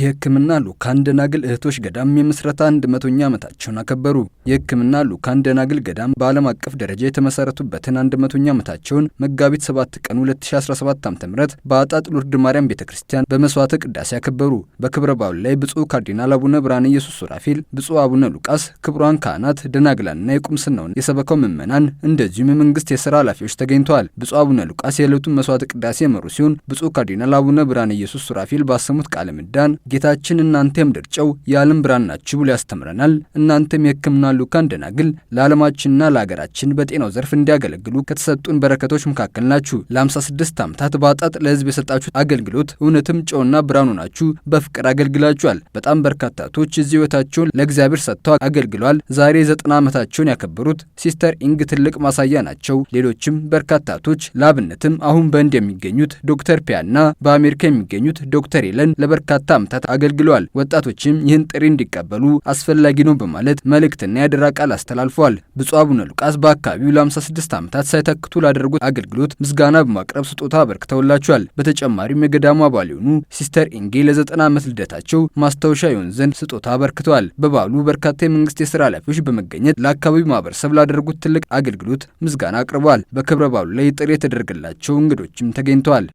የህክምና ልዑካን ደናግል እህቶች ገዳም የምስረታ አንድ መቶኛ ዓመታቸውን አከበሩ። የህክምና ልዑካን ደናግል ገዳም በዓለም አቀፍ ደረጃ የተመሰረቱበትን አንድ መቶኛ ዓመታቸውን መጋቢት 7 ቀን 2017 ዓ.ም በአጣጥ ሉርድ ማርያም ቤተ ክርስቲያን በመስዋዕተ ቅዳሴ አከበሩ። በክብረ በዓሉ ላይ ብፁዕ ካርዲናል አቡነ ብርሃነ ኢየሱስ ሱራፊል፣ ብፁዕ አቡነ ሉቃስ፣ ክቡራን ካህናት፣ ደናግላንና የቁምስናውን የሰበካው ምዕመናን እንደዚሁም የመንግስት የሥራ ኃላፊዎች ተገኝተዋል። ብፁዕ አቡነ ሉቃስ የዕለቱን መስዋዕተ ቅዳሴ የመሩ ሲሆን ብፁዕ ካርዲናል አቡነ ብርሃነ ኢየሱስ ሱራፊል ባሰሙት ቃለ ምዕዳን ጌታችን እናንተ ጨው የዓለም ብርሃን ናችሁ ብሎ ያስተምረናል። እናንተም የሕክምና ልዑካን ደናግል ለዓለማችንና ለሀገራችን በጤናው ዘርፍ እንዲያገለግሉ ከተሰጡን በረከቶች መካከል ናችሁ። ለ56 ዓመታት በአጣጥ ለሕዝብ የሰጣችሁ አገልግሎት እውነትም ጨውና ብርሃኑ ናችሁ። በፍቅር አገልግላችኋል። በጣም በርካታቶች እህቶች እዚህ ሕይወታቸውን ለእግዚአብሔር ሰጥተው አገልግለዋል። ዛሬ ዘጠና ዓመታቸውን ያከበሩት ሲስተር ኢንግ ትልቅ ማሳያ ናቸው። ሌሎችም በርካታቶች ለአብነትም አሁን በህንድ የሚገኙት ዶክተር ፒያና በአሜሪካ የሚገኙት ዶክተር ኤለን ለበርካታ ዓመታት ለማበረታታት አገልግሏል። ወጣቶችም ይህን ጥሪ እንዲቀበሉ አስፈላጊ ነው በማለት መልእክትና የአደራ ቃል አስተላልፈዋል። ብፁዕ አቡነ ሉቃስ በአካባቢው ለ56 ዓመታት ሳይተክቱ ላደረጉት አገልግሎት ምስጋና በማቅረብ ስጦታ አበርክተውላቸዋል። በተጨማሪም የገዳሙ አባል የሆኑ ሲስተር ኢንጌ ለ90 ዓመት ልደታቸው ማስታወሻ ይሆን ዘንድ ስጦታ አበርክተዋል። በበዓሉ በርካታ የመንግስት የስራ ኃላፊዎች በመገኘት ለአካባቢው ማህበረሰብ ላደረጉት ትልቅ አገልግሎት ምስጋና አቅርበዋል። በክብረ በዓሉ ላይ ጥሪ የተደረገላቸው እንግዶችም ተገኝተዋል።